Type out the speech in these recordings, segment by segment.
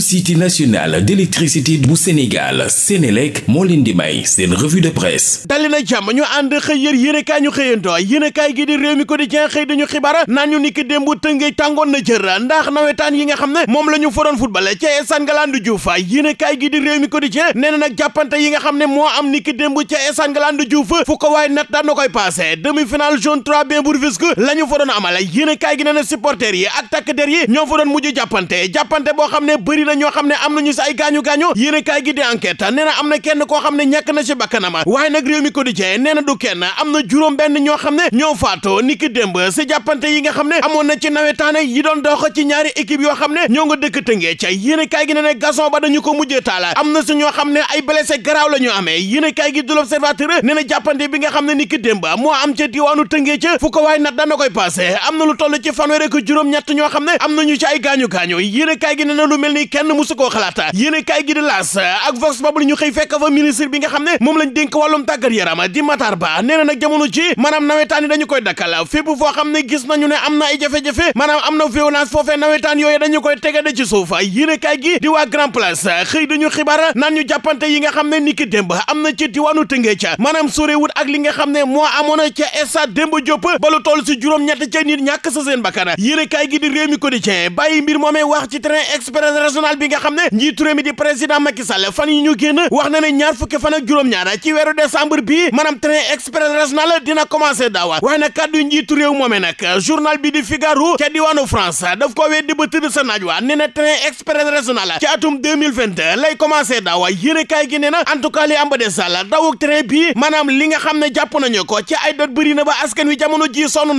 société nationale d'électricité bu Sénégal Sénélec moo leen di may seen revue de presse dali na jàmm ñu ànd xëy yër yéenekaay ñu xëyantoo yéenekaay gi di réew mi quotidien xëy dañu xibaar naan ñu yi nga xam ne moom la ñu foroon ci Essane nag jàppante yi nga xam ne moo am niki démb ci Essane Galandou Diouf fu ko waaye nat daan na koy passé demi-finale jaune 3 bien Bourvisque la ñu fa doon amale yéenekaay gi nee na supporters yi ak takk der yi ñoo fa doon mujj jàppante jàppante boo bëri na ñoo xam ne am nañu si ay gaañu-gaañu yéen a kaay gi di enquête nee na am na kenn koo xam ne ñàkk na si bakkanam waaye nag réew mi quotidien nee na du kenn am na juróom benn ñoo xam ne ñoo faatoo niki démb si jàppante yi nga xam ne amoon na ci nawetaane yi doon dox ci ñaari équipe yoo xam ne ñoo nga dëkk tëngee ca yéen a kaay gi ne ne Gaston ba dañu ko mujjee taala am na si ñoo xam ne ay blessé garaaw la ñu amee yéen a kaay gi du l'observateur nee na jàppante bi nga xam ne niki démb moo am ca diwaanu tëngee ca fu ko waay nat dana koy passé am na lu toll ci fanweer ak juróom ñett ñoo xam ne am nañu ci ay gaañu kenn musu koo xalaata yéen kaay gi di laas ak vox populi ñu xëy fekk fa ministre bi nga xam ne moom lañ dénk wàllum tàggat yaram di Matar Ba nee na nag jamono ji maanaam nawetaan yi dañu koy dakkal fépp foo xam ne gis nañu ne am na ay jafe-jafe maanaam am na violence foofee nawetaan yooyu dañu koy tegade ci suuf yéen kaay gi di waa grand place xëy dañu xibaar naan ñu jàppante yi nga xam ne niki démb am na ci diwaanu tëngee ca maanaam sorewut ak li nga xam ne moo amoon ca stade Demba Diop ba lu toll si juróom-ñett ca nit ñàkk sa seen bakkan yéen kaay gi di réew mi quotidien bàyyi mbir moomee wax ci journal bi nga xam ne njiitu di président Macky fan yi ñu génn wax na ñaar fukki fan ak juróom-ñaara ci weeru décembre bii maanaam train express régional dina commencé daawa waaye nag kàddu njiitu réew moomee nag journal bi di Figaro ca diwaanu France daf ko weddi ba sa naaj waa ne na train express régional atum 2022 lay commencé daawa yéene kaay gi ne na en tout cas li am ba des daal dawuk train bii maanaam li nga xam ne jàpp nañu ko ci ay dot bëri na ba askan wi jamono ji sonn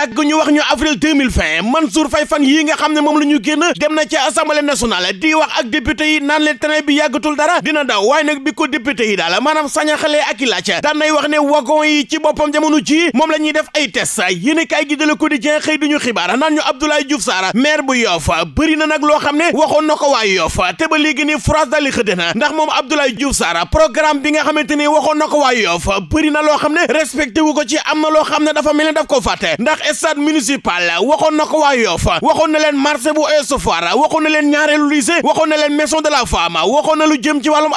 yàgg ñu wax ñu avril 2020 Mansour Faye fan yi nga xam ne moom la ñu génn dem na ci assemblée nationale di wax ak député yi naan leen train bi yàggatul dara dina daw waaye nag bi ko député yi daal maanaam sañaxalee ak i laaj daan nay wax ne wagon yi ci boppam jamono ji moom la ñuy def ay test yéen kaay gi de Le Quotidien xëy duñu xibaar naan ñu Abdoulaye Diouf Sarr maire bu Yoff bëri na nag loo xam ne waxoon na ko waa Yoff te ba léegi ni France daal ndax moom Abdoulaye Diouf Sarr programme bi nga xamante ni waxoon na ko waa Yoff bëri na loo xam ne respecté wu ko ci am na loo xam ne dafa mel ne daf ko fàtte ndax stade municipal waxoon na ko waa Yoff waxoon na leen marché bu Ouest-Foire waxoon na leen ñaareelu lycée waxoon na leen maison de la femme waxoon na lu jëm ci wàllum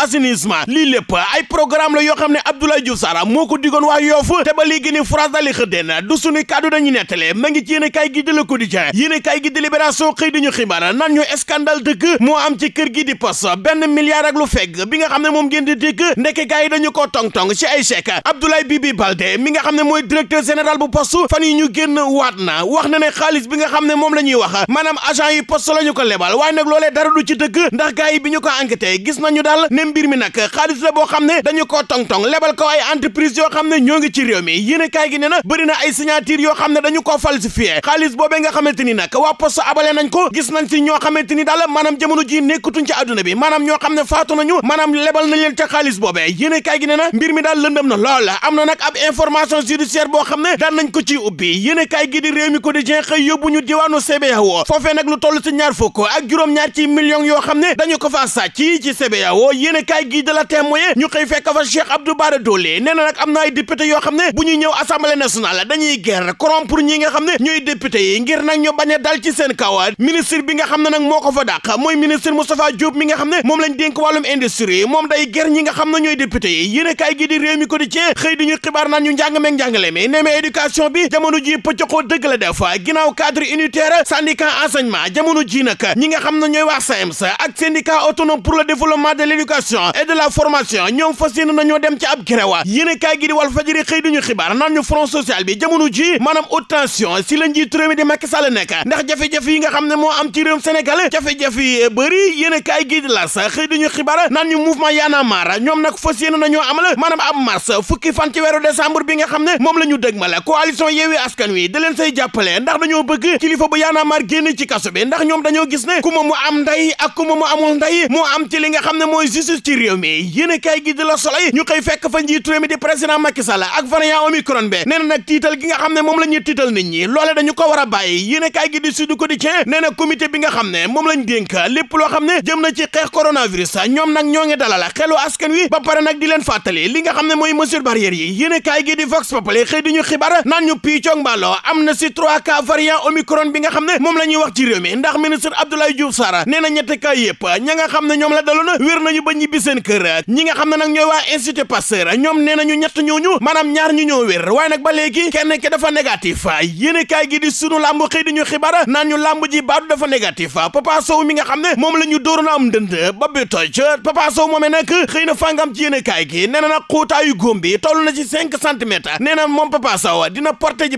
lii lépp ay programme la yoo xam ne Abdoulaye Diouf Sarr moo ko diggoon waa Yoff te ba léegi ni France dali xëddeen du suñu kàddu dañu nettale ma ngi ci yéen a kaay gi de Le Quotidien yéen a kaay gi de Libération nan ñu scandale dëgg moo am ci kër gi di benn milliard ak lu fegg bi nga xam ne waat na wax na ne xaalis bi nga xam ne moom la ñuy wax maanaam agent yi poste la ñu ko lebal waaye nag loolee dara du ci dëgg ndax gars bi ñu ko enquêté gis nañu daal ne mbir mi nag xaalis la boo xam ne dañu ko tong-tong lebal ko ay entreprise yoo xam ne ñoo ngi ci réew mi yéen kaay gi ne na bëri na ay signature yoo xam ne dañu koo falsifié xaalis boobee nga xamante ni nag waa poste abale nañ ko gis nañ si ñoo xamante ni daal maanaam jamono ji nekkutuñ ci àdduna bi maanaam ñoo xam ne faatu nañu maanaam lebal nañ leen ca xaalis boobee yéen gi ne na mbir mi daal lëndëm na lool am na nag ab information judiciaire boo xam ne daan nañ ko ci ubbi kaay gi di réew mi quotidien xëy yóbbu ñu diwaanu CBAO foofee nag lu toll ci ñaar fukk ak juróom-ñaar ci millions yoo xam ne dañu ko faa sàcc ci CBAO yéen a kaay gi de la témoin ñu xëy fekk fa Cheikh Abdou Bara Dolly nee na nag am na ay député yoo xam ne bu ñuy ñëw assemblée nationale dañuy guerre corrompre ñi nga xam ne ñooy député yi ngir nag ñu bañ a dal ci nga xam ne moo mooy ministre moom lañ dénk wàllum industrie moom day guerre ñi nga xam ne ñooy député yi yéen a kaay gi ñu joxoo dëgg la def ginnaaw cadre unitaire syndicat enseignement jamono ji nag ñi nga xam na ñooy waa SAEMS ak syndicat autonome pour le développement de l' éducation et de la formation ñoom fas yéene nañoo dem ci ab grève yéene kaay gi di Walf Fadjri xëy ñu xibaar nan ñu front social bi jamono ji maanaam haute tension si la njiit réew mi di Macky nekk ndax jafe-jafe yi nga xam ne moo am ci réewum Sénégal jafe-jafe yi bëri yéene kaay gi di L'As xëy duñu xibaar naan ñu mouvement Y'en a marre ñoom nag fas na nañoo amal maanaam ab mars fukki fan ci weeru décembre bi nga xam ne moom la ñu dëgmal coalition Yewwi Askan Wi da leen say jàppale ndax dañoo bëgg kilifa bu yaanaa maar génn ci kaso bi ndax ñoom dañoo gis ne ku ma am nday a ku mu amul nday moo am ci li nga xam ne mooy justice ci réew mi yéen kay gi di la soley ñu koy fekk fa njiitu réew mi di président Macky Sall ak variant Omicron bi nee na nag tiital gi nga xam ne moom la ñuy tiital nit ñi loole dañu ko war a bàyyi yéen kay gi di Sud Quotidien nee na comité bi nga xam ne moom lañ dénk lépp loo xam ne jëm na ci xeex coronavirus ñoom nag ñoo ngi dalal xelu askan wi ba pare nag di leen fàttali nga xam ne mooy mesure barrière yi yéen kay gi di Vox Populi xëy di ñu am na si trois cas variant bi nga xam ne moom la ñuy wax ci mi ndax ministre Abdoulaye Diouf Sarr nee na ñetti cas yëpp ña nga xam ne ñoom la daloon wér nañu ba ñibbi seen kër ñi nga xam ne nag ñooy waa institut Pasteur ñoom nee nañu ñett ñooñu maanaam ñaar ñu ñoo wér waaye nag ba léegi kenn ki dafa négatif yéene kaay gi di sunu làmb xëy di ñu xibaar naan ñu làmb ji baadu dafa négatif Papa Sow mi nga xam ne moom la ñu dóoroon am dënd ba bi toj Papa Sow moomee nag xëy na fàngam ci yéene kaay nee na nag xuutaayu góom bi toll na ci cinq centimètres nee na moom Papa Sow dina porter ji